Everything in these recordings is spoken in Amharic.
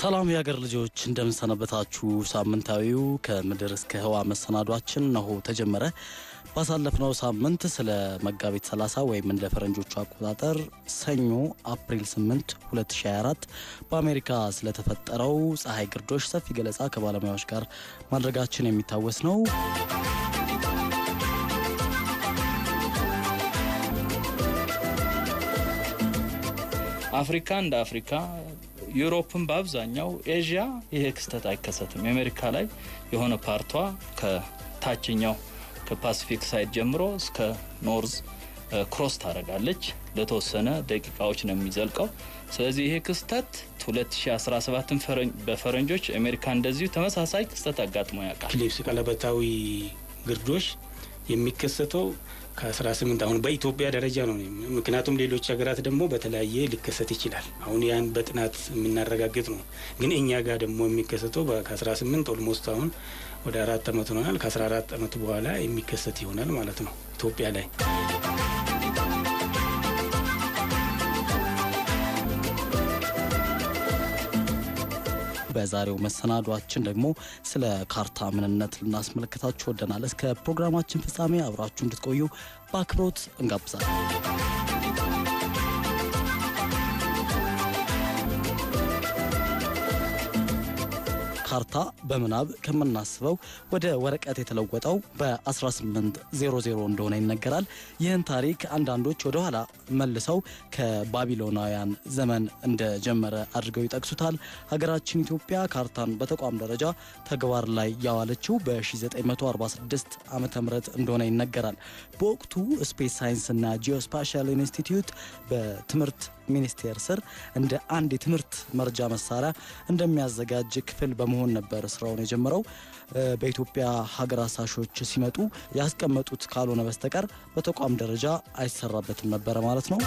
ሰላም የሀገር ልጆች እንደምንሰነበታችሁ። ሳምንታዊው ከምድር እስከ ህዋ መሰናዷችን ነሆ ተጀመረ። ባሳለፍነው ሳምንት ስለ መጋቢት 30 ወይም እንደ ፈረንጆቹ አቆጣጠር ሰኞ አፕሪል 8 2024 በአሜሪካ ስለተፈጠረው ፀሐይ ግርዶሽ ሰፊ ገለጻ ከባለሙያዎች ጋር ማድረጋችን የሚታወስ ነው። አፍሪካ እንደ አፍሪካ ዩሮፕን በአብዛኛው ኤዥያ ይሄ ክስተት አይከሰትም። አሜሪካ ላይ የሆነ ፓርቷ ከታችኛው ከፓሲፊክ ሳይድ ጀምሮ እስከ ኖርዝ ክሮስ ታደርጋለች። ለተወሰነ ደቂቃዎች ነው የሚዘልቀው። ስለዚህ ይሄ ክስተት 2017ን በፈረንጆች አሜሪካ እንደዚሁ ተመሳሳይ ክስተት አጋጥሞ ያውቃል። ፊሊፕስ ቀለበታዊ ግርዶች የሚከሰተው ከ ስምንት አሁን በኢትዮጵያ ደረጃ ነው። ምክንያቱም ሌሎች ሀገራት ደግሞ በተለያየ ሊከሰት ይችላል። አሁን ያን በጥናት የምናረጋግጥ ነው። ግን እኛ ጋር ደግሞ የሚከሰተው ከ18 ኦልሞስት አሁን ወደ አራት ዓመት ሆናል። ከ14 ዓመት በኋላ የሚከሰት ይሆናል ማለት ነው ኢትዮጵያ ላይ በዛሬው መሰናዷችን ደግሞ ስለ ካርታ ምንነት ልናስመለከታችሁ ወደናል። እስከ ፕሮግራማችን ፍጻሜ አብራችሁ እንድትቆዩ በአክብሮት እንጋብዛለን። ካርታ በምናብ ከምናስበው ወደ ወረቀት የተለወጠው በ1800 እንደሆነ ይነገራል። ይህን ታሪክ አንዳንዶች ወደኋላ መልሰው ከባቢሎናውያን ዘመን እንደጀመረ አድርገው ይጠቅሱታል። ሀገራችን ኢትዮጵያ ካርታን በተቋም ደረጃ ተግባር ላይ ያዋለችው በ1946 ዓ ም እንደሆነ ይነገራል። በወቅቱ ስፔስ ሳይንስና ጂኦስፓሻል ኢንስቲትዩት በትምህርት ሚኒስቴር ስር እንደ አንድ የትምህርት መርጃ መሳሪያ እንደሚያዘጋጅ ክፍል በመሆን ሰለሞን ነበር ስራውን የጀመረው። በኢትዮጵያ ሀገር አሳሾች ሲመጡ ያስቀመጡት ካልሆነ በስተቀር በተቋም ደረጃ አይሰራበትም ነበረ ማለት ነው።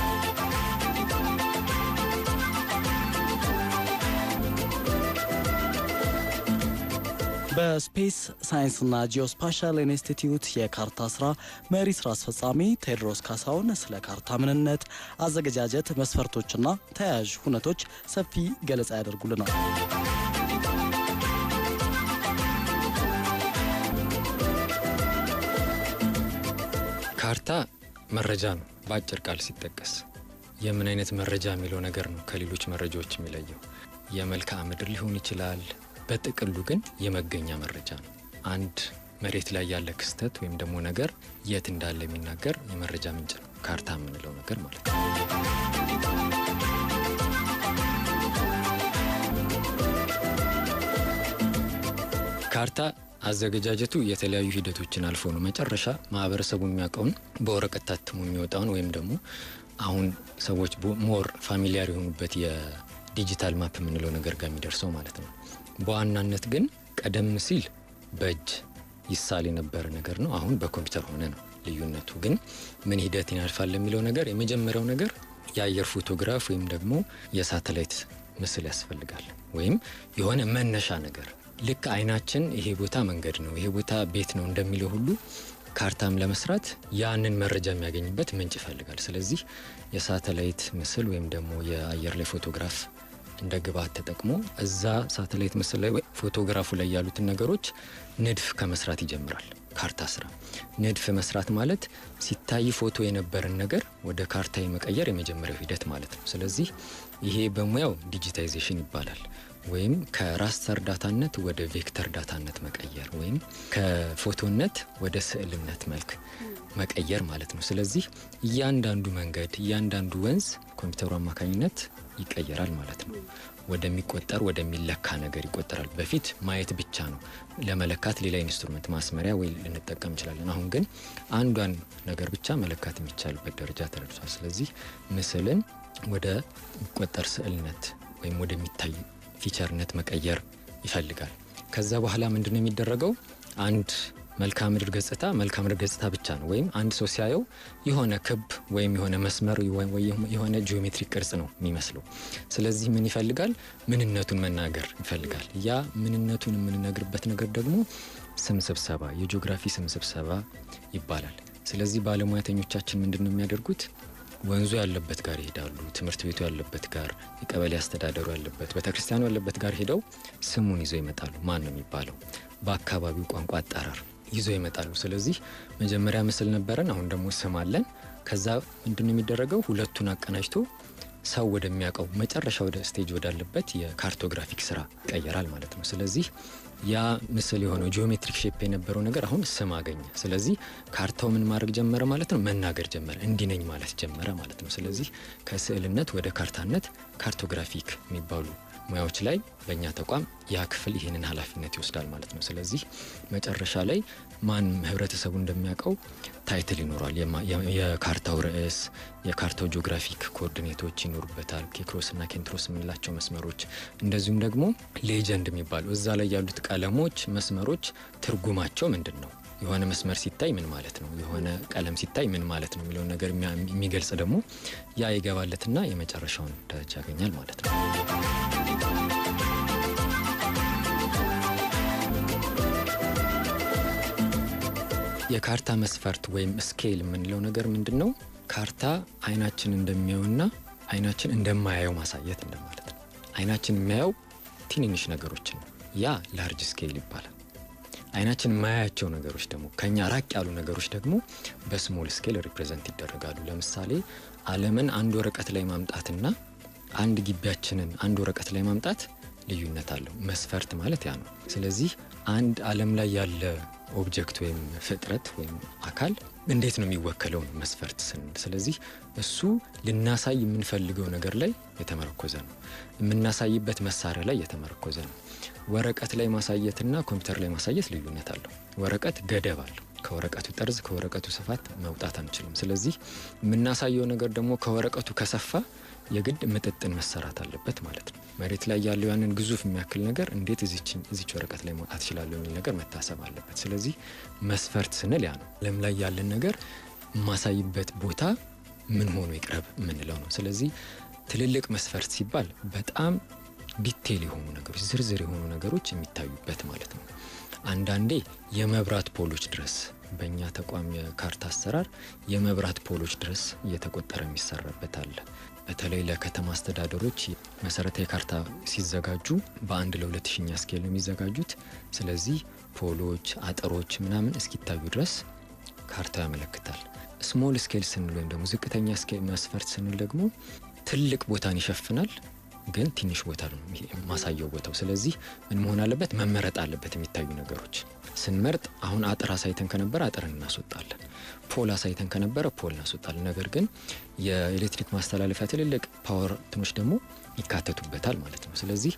በስፔስ ሳይንስና ጂኦስፓሻል ኢንስቲትዩት የካርታ ስራ መሪ ስራ አስፈጻሚ ቴድሮስ ካሳውን ስለ ካርታ ምንነት፣ አዘገጃጀት፣ መስፈርቶችና ተያያዥ ሁነቶች ሰፊ ገለጻ ያደርጉልናል። ካርታ መረጃ ነው። በአጭር ቃል ሲጠቀስ የምን አይነት መረጃ የሚለው ነገር ነው ከሌሎች መረጃዎች የሚለየው። የመልክዓ ምድር ሊሆን ይችላል። በጥቅሉ ግን የመገኛ መረጃ ነው። አንድ መሬት ላይ ያለ ክስተት ወይም ደግሞ ነገር የት እንዳለ የሚናገር የመረጃ ምንጭ ነው ካርታ የምንለው ነገር ማለት ነው። ካርታ አዘገጃጀቱ የተለያዩ ሂደቶችን አልፎ ነው መጨረሻ ማህበረሰቡ የሚያውቀውን በወረቀት ታትሞ የሚወጣውን ወይም ደግሞ አሁን ሰዎች ሞር ፋሚሊያር የሆኑበት የዲጂታል ማፕ የምንለው ነገር ጋር የሚደርሰው ማለት ነው። በዋናነት ግን ቀደም ሲል በእጅ ይሳል የነበረ ነገር ነው። አሁን በኮምፒውተር ሆነ ነው። ልዩነቱ ግን ምን ሂደት ያልፋል የሚለው ነገር የመጀመሪያው ነገር የአየር ፎቶግራፍ ወይም ደግሞ የሳተላይት ምስል ያስፈልጋል ወይም የሆነ መነሻ ነገር ልክ አይናችን ይሄ ቦታ መንገድ ነው፣ ይሄ ቦታ ቤት ነው እንደሚለው ሁሉ ካርታም ለመስራት ያንን መረጃ የሚያገኝበት ምንጭ ይፈልጋል። ስለዚህ የሳተላይት ምስል ወይም ደግሞ የአየር ላይ ፎቶግራፍ እንደ ግብዓት ተጠቅሞ እዛ ሳተላይት ምስል ላይ ፎቶግራፉ ላይ ያሉትን ነገሮች ንድፍ ከመስራት ይጀምራል። ካርታ ስራ ንድፍ መስራት ማለት ሲታይ ፎቶ የነበረን ነገር ወደ ካርታ የመቀየር የመጀመሪያው ሂደት ማለት ነው። ስለዚህ ይሄ በሙያው ዲጂታይዜሽን ይባላል። ወይም ከራስ እርዳታነት ወደ ቬክተር ዳታነት መቀየር ወይም ከፎቶነት ወደ ስዕልነት መልክ መቀየር ማለት ነው። ስለዚህ እያንዳንዱ መንገድ፣ እያንዳንዱ ወንዝ ኮምፒውተሩ አማካኝነት ይቀየራል ማለት ነው። ወደሚቆጠር ወደሚለካ ነገር ይቆጠራል። በፊት ማየት ብቻ ነው። ለመለካት ሌላ ኢንስትሩመንት ማስመሪያ ወይ ልንጠቀም እንችላለን። አሁን ግን አንዷን ነገር ብቻ መለካት የሚቻልበት ደረጃ ተደርሷል። ስለዚህ ምስልን ወደ ሚቆጠር ስዕልነት ወይም ወደሚታይ ፊቸርነት መቀየር ይፈልጋል። ከዛ በኋላ ምንድን ነው የሚደረገው? አንድ መልክዓ ምድር ገጽታ መልካ ምድር ገጽታ ብቻ ነው፣ ወይም አንድ ሰው ሲያየው የሆነ ክብ ወይም የሆነ መስመር የሆነ ጂኦሜትሪክ ቅርጽ ነው የሚመስለው። ስለዚህ ምን ይፈልጋል? ምንነቱን መናገር ይፈልጋል። ያ ምንነቱን የምንነግርበት ነገር ደግሞ ስም ስብሰባ፣ የጂኦግራፊ ስም ስብሰባ ይባላል። ስለዚህ ባለሙያተኞቻችን ምንድን ነው የሚያደርጉት? ወንዙ ያለበት ጋር ይሄዳሉ። ትምህርት ቤቱ ያለበት ጋር፣ የቀበሌ አስተዳደሩ ያለበት፣ ቤተክርስቲያኑ ያለበት ጋር ሄደው ስሙን ይዘው ይመጣሉ። ማን ነው የሚባለው? በአካባቢው ቋንቋ አጠራር ይዘው ይመጣሉ። ስለዚህ መጀመሪያ ምስል ነበረን፣ አሁን ደግሞ ስም አለን። ከዛ ምንድን ነው የሚደረገው? ሁለቱን አቀናጅቶ ሰው ወደሚያውቀው መጨረሻ ወደ ስቴጅ ወዳለበት የካርቶግራፊክ ስራ ይቀየራል ማለት ነው። ስለዚህ ያ ምስል የሆነው ጂኦሜትሪክ ሼፕ የነበረው ነገር አሁን ስም አገኘ። ስለዚህ ካርታው ምን ማድረግ ጀመረ ማለት ነው? መናገር ጀመረ፣ እንዲነኝ ማለት ጀመረ ማለት ነው። ስለዚህ ከስዕልነት ወደ ካርታነት ካርቶግራፊክ የሚባሉ ሙያዎች ላይ በእኛ ተቋም ያ ክፍል ይህንን ኃላፊነት ይወስዳል ማለት ነው። ስለዚህ መጨረሻ ላይ ማን ህብረተሰቡ እንደሚያውቀው ታይትል ይኖረዋል። የካርታው ርዕስ፣ የካርታው ጂኦግራፊክ ኮኦርዲኔቶች ይኖሩበታል። ኬክሮስ እና ኬንትሮስ የምንላቸው መስመሮች፣ እንደዚሁም ደግሞ ሌጀንድ የሚባሉ እዛ ላይ ያሉት ቀለሞች፣ መስመሮች ትርጉማቸው ምንድን ነው የሆነ መስመር ሲታይ ምን ማለት ነው፣ የሆነ ቀለም ሲታይ ምን ማለት ነው የሚለውን ነገር የሚገልጽ ደግሞ ያ ይገባለትና የመጨረሻውን ደረጃ ያገኛል ማለት ነው። የካርታ መስፈርት ወይም ስኬል የምንለው ነገር ምንድን ነው? ካርታ አይናችን እንደሚያውና አይናችን እንደማያየው ማሳየት እንደማለት ነው። አይናችን የሚያየው ትንንሽ ነገሮችን ነው። ያ ላርጅ ስኬል ይባላል። አይናችን የማያያቸው ነገሮች ደግሞ ከኛ ራቅ ያሉ ነገሮች ደግሞ በስሞል ስኬል ሪፕሬዘንት ይደረጋሉ። ለምሳሌ አለምን አንድ ወረቀት ላይ ማምጣትና አንድ ግቢያችንን አንድ ወረቀት ላይ ማምጣት ልዩነት አለው። መስፈርት ማለት ያ ነው። ስለዚህ አንድ አለም ላይ ያለ ኦብጀክት ወይም ፍጥረት ወይም አካል እንዴት ነው የሚወከለው ነው መስፈርት ስንል። ስለዚህ እሱ ልናሳይ የምንፈልገው ነገር ላይ የተመረኮዘ ነው። የምናሳይበት መሳሪያ ላይ የተመረኮዘ ነው። ወረቀት ላይ ማሳየትና ኮምፒውተር ላይ ማሳየት ልዩነት አለው። ወረቀት ገደብ አለው። ከወረቀቱ ጠርዝ ከወረቀቱ ስፋት መውጣት አንችልም። ስለዚህ የምናሳየው ነገር ደግሞ ከወረቀቱ ከሰፋ የግድ ምጥጥን መሰራት አለበት ማለት ነው። መሬት ላይ ያለው ያንን ግዙፍ የሚያክል ነገር እንዴት እዚች ወረቀት ላይ መውጣት ይችላሉ የሚል ነገር መታሰብ አለበት። ስለዚህ መስፈርት ስንል ያ ነው። ዓለም ላይ ያለን ነገር የማሳይበት ቦታ ምን ሆኖ ይቅረብ የምንለው ነው። ስለዚህ ትልልቅ መስፈርት ሲባል በጣም ዲቴል የሆኑ ነገሮች፣ ዝርዝር የሆኑ ነገሮች የሚታዩበት ማለት ነው። አንዳንዴ የመብራት ፖሎች ድረስ በእኛ ተቋም የካርታ አሰራር የመብራት ፖሎች ድረስ እየተቆጠረ የሚሰራበት አለ። በተለይ ለከተማ አስተዳደሮች መሰረታዊ ካርታ ሲዘጋጁ በአንድ ለሁለት ሺኛ ስኬል ነው የሚዘጋጁት። ስለዚህ ፖሎች፣ አጥሮች ምናምን እስኪታዩ ድረስ ካርታው ያመለክታል። ስሞል ስኬል ስንል ወይም ደግሞ ዝቅተኛ ስኬል መስፈርት ስንል ደግሞ ትልቅ ቦታን ይሸፍናል ግን ትንሽ ቦታ ነው ማሳየው ቦታው። ስለዚህ ምን መሆን አለበት? መመረጥ አለበት። የሚታዩ ነገሮች ስንመርጥ አሁን አጥር አሳይተን ከነበረ አጥርን እናስወጣለን። ፖል አሳይተን ከነበረ ፖል ናስወጣል። ነገር ግን የኤሌክትሪክ ማስተላለፊያ ትልልቅ ፓወር እንትኖች ደግሞ ይካተቱበታል ማለት ነው። ስለዚህ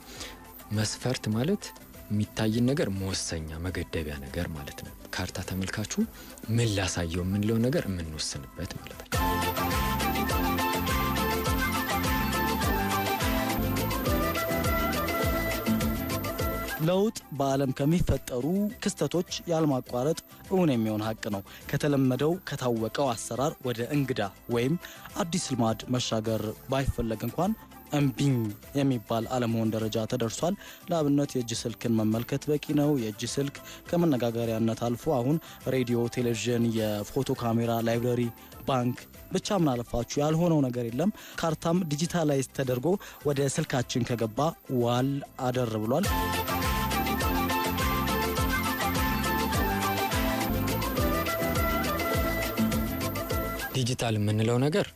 መስፈርት ማለት የሚታይን ነገር መወሰኛ መገደቢያ ነገር ማለት ነው። ካርታ ተመልካቹ ምን ላሳየው የምንለው ነገር የምንወስንበት ማለት ነው። ለውጥ በዓለም ከሚፈጠሩ ክስተቶች ያለማቋረጥ እውን የሚሆን ሀቅ ነው። ከተለመደው ከታወቀው አሰራር ወደ እንግዳ ወይም አዲስ ልማድ መሻገር ባይፈለግ እንኳን እምቢኝ የሚባል አለመሆን ደረጃ ተደርሷል። ለአብነት የእጅ ስልክን መመልከት በቂ ነው። የእጅ ስልክ ከመነጋገሪያነት አልፎ አሁን ሬዲዮ፣ ቴሌቪዥን፣ የፎቶ ካሜራ፣ ላይብረሪ፣ ባንክ ብቻ ምን አለፋችሁ ያልሆነው ነገር የለም። ካርታም ዲጂታላይዝ ተደርጎ ወደ ስልካችን ከገባ ዋል አደር ብሏል። ዲጂታል የምንለው ነገር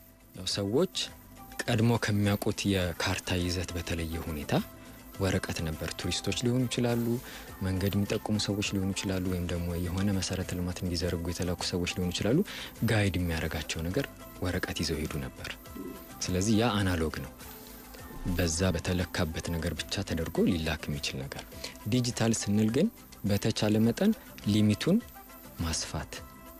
ሰዎች ቀድሞ ከሚያውቁት የካርታ ይዘት በተለየ ሁኔታ ወረቀት ነበር። ቱሪስቶች ሊሆኑ ይችላሉ፣ መንገድ የሚጠቁሙ ሰዎች ሊሆኑ ይችላሉ፣ ወይም ደግሞ የሆነ መሰረተ ልማት እንዲዘረጉ የተላኩ ሰዎች ሊሆኑ ይችላሉ። ጋይድ የሚያደርጋቸው ነገር ወረቀት ይዘው ሄዱ ነበር። ስለዚህ ያ አናሎግ ነው። በዛ በተለካበት ነገር ብቻ ተደርጎ ሊላክ የሚችል ነገር። ዲጂታል ስንል ግን በተቻለ መጠን ሊሚቱን ማስፋት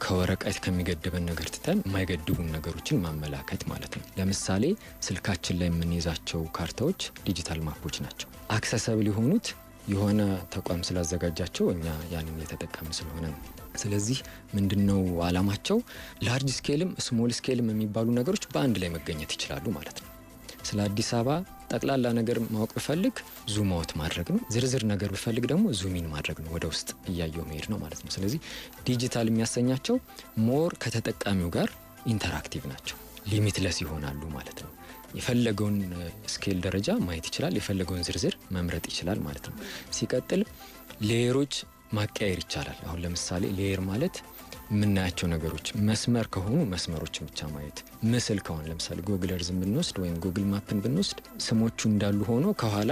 ከወረቀት ከሚገድበን ነገር ትተን የማይገድቡን ነገሮችን ማመላከት ማለት ነው። ለምሳሌ ስልካችን ላይ የምንይዛቸው ካርታዎች ዲጂታል ማፖች ናቸው። አክሰሰብል የሆኑት የሆነ ተቋም ስላዘጋጃቸው እኛ ያንን የተጠቀም ስለሆነ ነው። ስለዚህ ምንድነው አላማቸው? ላርጅ ስኬልም ስሞል ስኬልም የሚባሉ ነገሮች በአንድ ላይ መገኘት ይችላሉ ማለት ነው። ስለ አዲስ አበባ ጠቅላላ ነገር ማወቅ ብፈልግ ዙም ማድረግ ነው። ዝርዝር ነገር ብፈልግ ደግሞ ዙሚን ማድረግ ነው። ወደ ውስጥ እያየው መሄድ ነው ማለት ነው። ስለዚህ ዲጂታል የሚያሰኛቸው ሞር ከተጠቃሚው ጋር ኢንተራክቲቭ ናቸው። ሊሚትለስ ይሆናሉ ማለት ነው። የፈለገውን ስኬል ደረጃ ማየት ይችላል። የፈለገውን ዝርዝር መምረጥ ይችላል ማለት ነው። ሲቀጥል ሌየሮች ማቀያየር ይቻላል። አሁን ለምሳሌ ሌየር ማለት የምናያቸው ነገሮች መስመር ከሆኑ መስመሮችን ብቻ ማየት፣ ምስል ከሆነ ለምሳሌ ጉግል እርዝን ብንወስድ ወይም ጉግል ማፕን ብንወስድ ስሞቹ እንዳሉ ሆኖ ከኋላ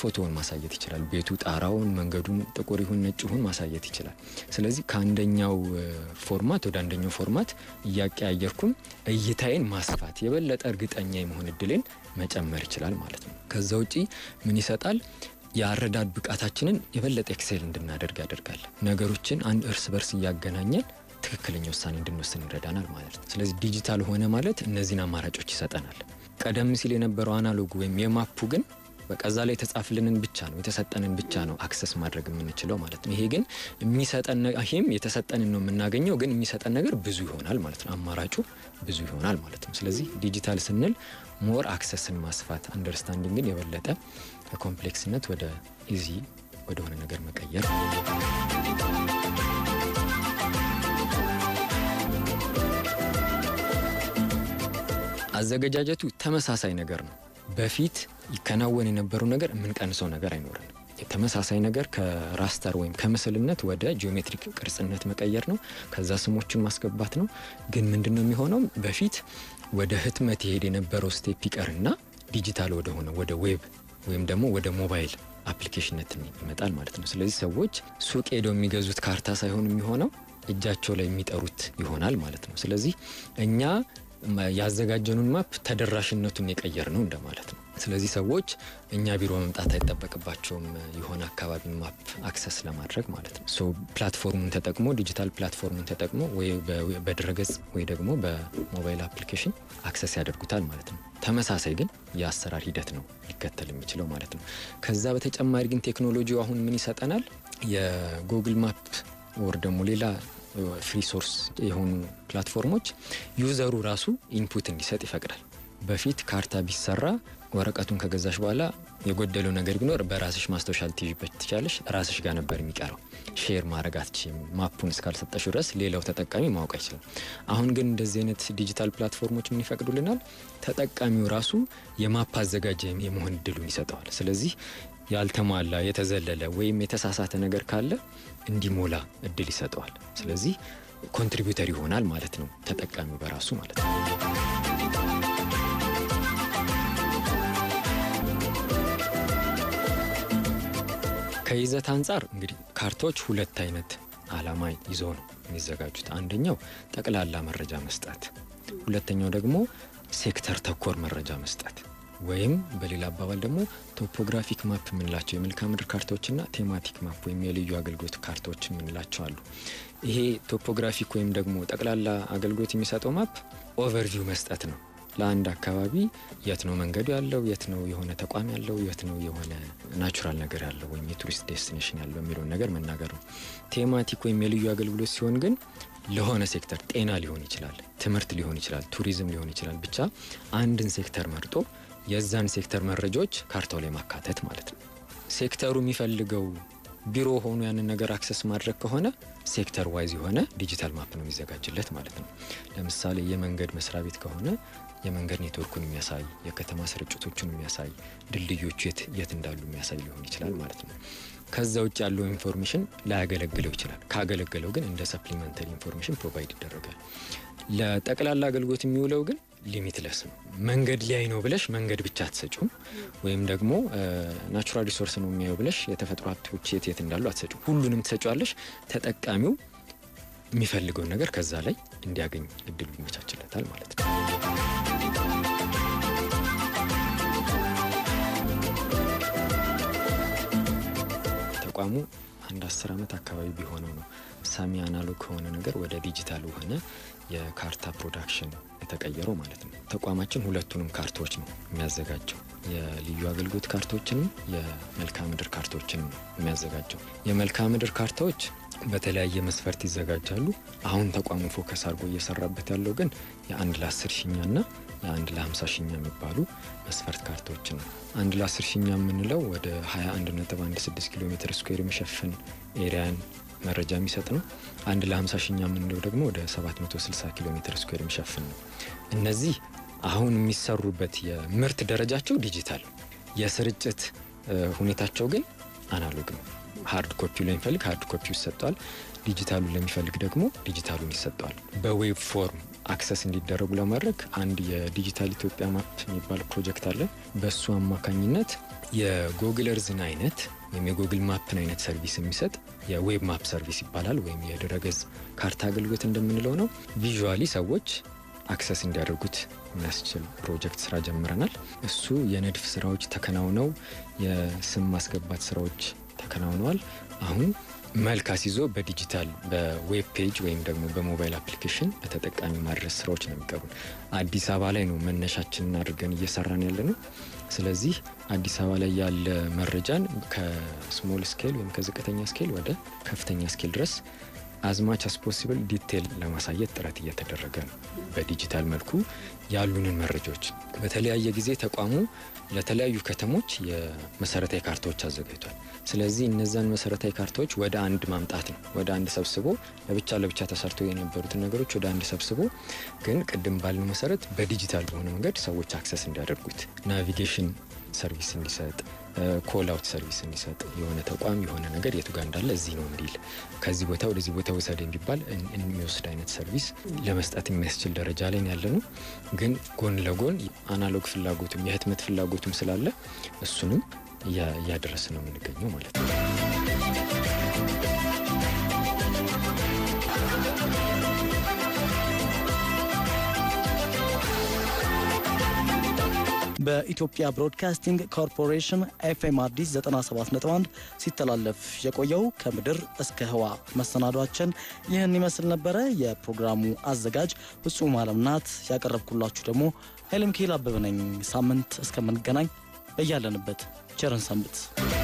ፎቶውን ማሳየት ይችላል። ቤቱ፣ ጣራውን፣ መንገዱን ጥቁር ይሁን ነጭ ይሁን ማሳየት ይችላል። ስለዚህ ከአንደኛው ፎርማት ወደ አንደኛው ፎርማት እያቀያየርኩም እይታዬን ማስፋት የበለጠ እርግጠኛ የመሆን እድሌን መጨመር ይችላል ማለት ነው። ከዛ ውጪ ምን ይሰጣል? የአረዳድ ብቃታችንን የበለጠ ኤክሴል እንድናደርግ ያደርጋል። ነገሮችን አንድ እርስ በርስ እያገናኘን ትክክለኛ ውሳኔ እንድንወስን ይረዳናል ማለት ነው። ስለዚህ ዲጂታል ሆነ ማለት እነዚህን አማራጮች ይሰጠናል። ቀደም ሲል የነበረው አናሎጉ ወይም የማፑ ግን በቀዛ ላይ የተጻፍልንን ብቻ ነው የተሰጠንን ብቻ ነው አክሰስ ማድረግ የምንችለው ማለት ነው። ይሄ ግን የሚሰጠን የተሰጠንን ነው የምናገኘው፣ ግን የሚሰጠን ነገር ብዙ ይሆናል ማለት ነው። አማራጩ ብዙ ይሆናል ማለት ነው። ስለዚህ ዲጂታል ስንል ሞር አክሰስን ማስፋት፣ አንደርስታንዲንግን የበለጠ ከኮምፕሌክስነት ወደ ኢዚ ወደሆነ ነገር መቀየር አዘገጃጀቱ ተመሳሳይ ነገር ነው። በፊት ይከናወን የነበረው ነገር የምንቀንሰው ነገር አይኖርም። ተመሳሳይ ነገር ከራስተር ወይም ከምስልነት ወደ ጂኦሜትሪክ ቅርጽነት መቀየር ነው። ከዛ ስሞችን ማስገባት ነው። ግን ምንድን ነው የሚሆነው? በፊት ወደ ህትመት ይሄድ የነበረው ስቴፕ ይቀርና ዲጂታል ወደሆነ ወደ ዌብ ወይም ደግሞ ወደ ሞባይል አፕሊኬሽንነት ይመጣል ማለት ነው። ስለዚህ ሰዎች ሱቅ ሄደው የሚገዙት ካርታ ሳይሆን የሚሆነው እጃቸው ላይ የሚጠሩት ይሆናል ማለት ነው። ስለዚህ እኛ ያዘጋጀኑን ማፕ ተደራሽነቱን የቀየር ነው እንደማለት ነው። ስለዚህ ሰዎች እኛ ቢሮ መምጣት አይጠበቅባቸውም የሆነ አካባቢ ማፕ አክሰስ ለማድረግ ማለት ነው። ሶ ፕላትፎርሙን ተጠቅሞ ዲጂታል ፕላትፎርሙን ተጠቅሞ ወይ በድረገጽ ወይ ደግሞ በሞባይል አፕሊኬሽን አክሰስ ያደርጉታል ማለት ነው። ተመሳሳይ ግን የአሰራር ሂደት ነው ሊከተል የሚችለው ማለት ነው። ከዛ በተጨማሪ ግን ቴክኖሎጂው አሁን ምን ይሰጠናል? የጉግል ማፕ ወር ደግሞ ሌላ ፍሪ ሶርስ የሆኑ ፕላትፎርሞች ዩዘሩ ራሱ ኢንፑት እንዲሰጥ ይፈቅዳል። በፊት ካርታ ቢሰራ ወረቀቱን ከገዛሽ በኋላ የጎደለው ነገር ቢኖር በራስሽ ማስታወሻ ልትይዥበት ትቻለሽ ራስሽ ጋር ነበር የሚቀረው። ሼር ማድረግ አትችይም። ማፑን እስካልሰጠሽ ድረስ ሌላው ተጠቃሚ ማወቅ አይችልም። አሁን ግን እንደዚህ አይነት ዲጂታል ፕላትፎርሞች ምን ይፈቅዱልናል? ተጠቃሚው ራሱ የማፕ አዘጋጅ የመሆን እድሉን ይሰጠዋል። ስለዚህ ያልተሟላ የተዘለለ ወይም የተሳሳተ ነገር ካለ እንዲሞላ እድል ይሰጠዋል። ስለዚህ ኮንትሪቢዩተር ይሆናል ማለት ነው፣ ተጠቃሚ በራሱ ማለት ነው። ከይዘት አንጻር እንግዲህ ካርታዎች ሁለት አይነት አላማ ይዘው ነው የሚዘጋጁት። አንደኛው ጠቅላላ መረጃ መስጠት፣ ሁለተኛው ደግሞ ሴክተር ተኮር መረጃ መስጠት ወይም በሌላ አባባል ደግሞ ቶፖግራፊክ ማፕ የምንላቸው የመልክዓ ምድር ካርታዎችና ቴማቲክ ማፕ ወይም የልዩ አገልግሎት ካርታዎች የምንላቸው አሉ። ይሄ ቶፖግራፊክ ወይም ደግሞ ጠቅላላ አገልግሎት የሚሰጠው ማፕ ኦቨርቪው መስጠት ነው። ለአንድ አካባቢ የት ነው መንገዱ ያለው፣ የት ነው የሆነ ተቋም ያለው፣ የት ነው የሆነ ናቹራል ነገር ያለው ወይም የቱሪስት ዴስቲኔሽን ያለው የሚለውን ነገር መናገር ነው። ቴማቲክ ወይም የልዩ አገልግሎት ሲሆን ግን ለሆነ ሴክተር ጤና ሊሆን ይችላል፣ ትምህርት ሊሆን ይችላል፣ ቱሪዝም ሊሆን ይችላል። ብቻ አንድን ሴክተር መርጦ የዛን ሴክተር መረጃዎች ካርታው ላይ ማካተት ማለት ነው። ሴክተሩ የሚፈልገው ቢሮ ሆኖ ያንን ነገር አክሰስ ማድረግ ከሆነ ሴክተር ዋይዝ የሆነ ዲጂታል ማፕ ነው የሚዘጋጅለት ማለት ነው። ለምሳሌ የመንገድ መስሪያ ቤት ከሆነ የመንገድ ኔትወርኩን የሚያሳይ የከተማ ስርጭቶቹን የሚያሳይ ድልድዮቹ የት እንዳሉ የሚያሳይ ሊሆን ይችላል ማለት ነው። ከዛ ውጭ ያለው ኢንፎርሜሽን ላያገለግለው ይችላል። ካገለገለው ግን እንደ ሰፕሊመንተሪ ኢንፎርሜሽን ፕሮቫይድ ይደረጋል። ለጠቅላላ አገልግሎት የሚውለው ግን ሊሚትለስ ነው። መንገድ ሊያይ ነው ብለሽ መንገድ ብቻ አትሰጩም፣ ወይም ደግሞ ናቹራል ሪሶርስ ነው የሚያየው ብለሽ የተፈጥሮ ሀብቶች የት የት እንዳሉ አትሰጩ። ሁሉንም ትሰጫዋለሽ። ተጠቃሚው የሚፈልገውን ነገር ከዛ ላይ እንዲያገኝ እድሉ ይመቻችለታል ማለት ነው። ተቋሙ አንድ አስር ዓመት አካባቢ ቢሆነው ነው ሰሚ አናሎግ ከሆነ ነገር ወደ ዲጂታል ሆነ የካርታ ፕሮዳክሽን የተቀየረው ማለት ነው። ተቋማችን ሁለቱንም ካርቶች ነው የሚያዘጋጀው። የልዩ አገልግሎት ካርቶችንም የመልክዓ ምድር ካርቶችንም ነው የሚያዘጋጀው። የመልክዓ ምድር ካርታዎች በተለያየ መስፈርት ይዘጋጃሉ። አሁን ተቋሙ ፎከስ አድርጎ እየሰራበት ያለው ግን የአንድ ለአስር ሺኛ ና የአንድ ለሀምሳ ሺኛ የሚባሉ መስፈርት ካርቶች ነው። አንድ ለአስር ሺኛ የምንለው ወደ 21.16 ኪሎ ሜትር ስኩዌር የሚሸፍን ኤሪያን መረጃ የሚሰጥ ነው። አንድ ለ50 ሺኛ የምንለው ደግሞ ወደ 760 ኪሎ ሜትር ስኩዌር የሚሸፍን ነው። እነዚህ አሁን የሚሰሩበት የምርት ደረጃቸው ዲጂታል፣ የስርጭት ሁኔታቸው ግን አናሎግ ነው። ሀርድ ኮፒው ለሚፈልግ ሀርድ ኮፒው ይሰጠዋል፣ ዲጂታሉን ለሚፈልግ ደግሞ ዲጂታሉን ይሰጠዋል። በዌብ ፎርም አክሰስ እንዲደረጉ ለማድረግ አንድ የዲጂታል ኢትዮጵያ ማፕ የሚባል ፕሮጀክት አለ። በእሱ አማካኝነት የጎግለርዝን አይነት ወይም የጎግል ማፕን አይነት ሰርቪስ የሚሰጥ የዌብ ማፕ ሰርቪስ ይባላል ወይም የድረገጽ ካርታ አገልግሎት እንደምንለው ነው። ቪዥዋሊ ሰዎች አክሰስ እንዲያደርጉት የሚያስችል ፕሮጀክት ስራ ጀምረናል። እሱ የንድፍ ስራዎች ተከናውነው የስም ማስገባት ስራዎች ተከናውነዋል። አሁን መልክ አስይዞ በዲጂታል በዌብ ፔጅ ወይም ደግሞ በሞባይል አፕሊኬሽን ለተጠቃሚ ማድረስ ስራዎች ነው የሚቀሩን። አዲስ አበባ ላይ ነው መነሻችንን አድርገን እየሰራን ያለ ነው። ስለዚህ አዲስ አበባ ላይ ያለ መረጃን ከስሞል ስኬል ወይም ከዝቅተኛ ስኬል ወደ ከፍተኛ ስኬል ድረስ አዝማች አስፖሲብል ዲቴል ለማሳየት ጥረት እየተደረገ ነው። በዲጂታል መልኩ ያሉንን መረጃዎች በተለያየ ጊዜ ተቋሙ ለተለያዩ ከተሞች የመሰረታዊ ካርታዎች አዘጋጅቷል። ስለዚህ እነዛን መሰረታዊ ካርታዎች ወደ አንድ ማምጣት ነው። ወደ አንድ ሰብስቦ ለብቻ ለብቻ ተሰርቶ የነበሩትን ነገሮች ወደ አንድ ሰብስቦ ግን ቅድም ባልነው መሰረት በዲጂታል በሆነ መንገድ ሰዎች አክሰስ እንዲያደርጉት ናቪጌሽን ሰርቪስ እንዲሰጥ ኮል አውት ሰርቪስ እንዲሰጥ የሆነ ተቋም የሆነ ነገር የቱ ጋር እንዳለ እዚህ ነው እንዲል ከዚህ ቦታ ወደዚህ ቦታ ውሰድ የሚባል የሚወስድ አይነት ሰርቪስ ለመስጠት የሚያስችል ደረጃ ላይ ያለ ነው። ግን ጎን ለጎን አናሎግ ፍላጎቱም የህትመት ፍላጎቱም ስላለ እሱንም እያደረስ ነው የምንገኘው ማለት ነው። በኢትዮጵያ ብሮድካስቲንግ ኮርፖሬሽን ኤፍኤም አዲስ 97.1 ሲተላለፍ የቆየው ከምድር እስከ ህዋ መሰናዷችን ይህን ይመስል ነበረ። የፕሮግራሙ አዘጋጅ ፍጹም አለም ናት። ያቀረብኩላችሁ ደግሞ ኃይለሚካኤል አበበ ነኝ። ሳምንት እስከምንገናኝ በያለንበት ቸርን ሰንብት።